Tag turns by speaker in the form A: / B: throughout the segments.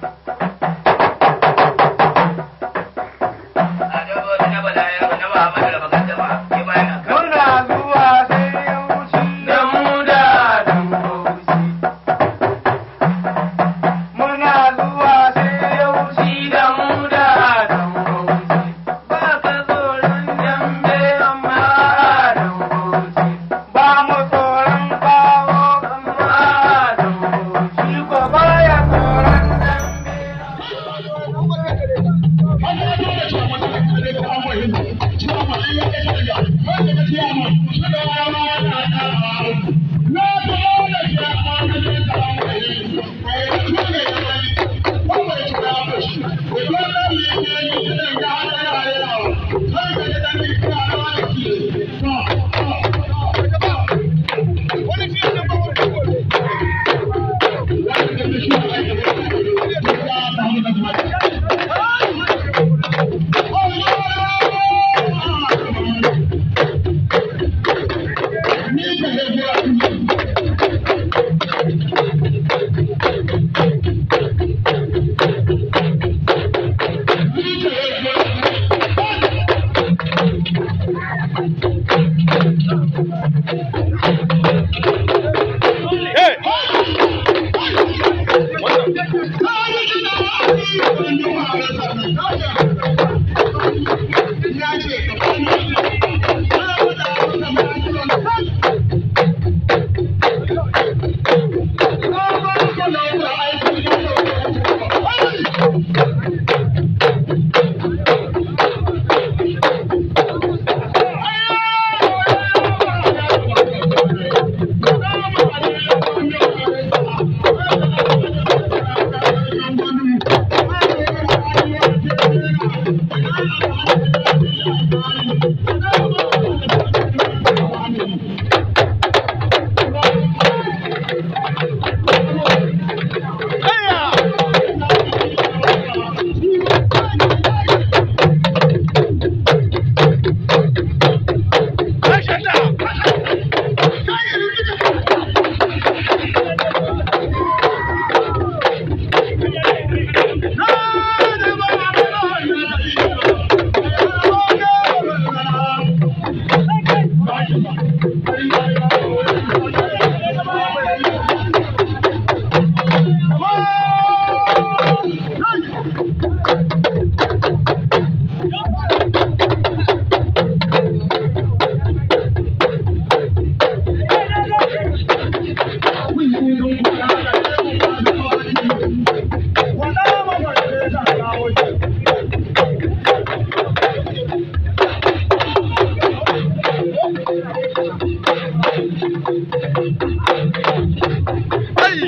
A: Ha, ha, ha. Siang,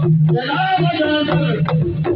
A: جناب جناب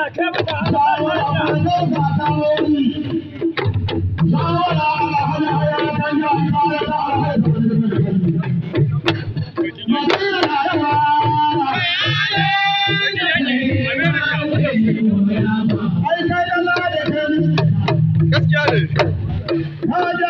A: ا کي بابا جانو جاتا ويني جانو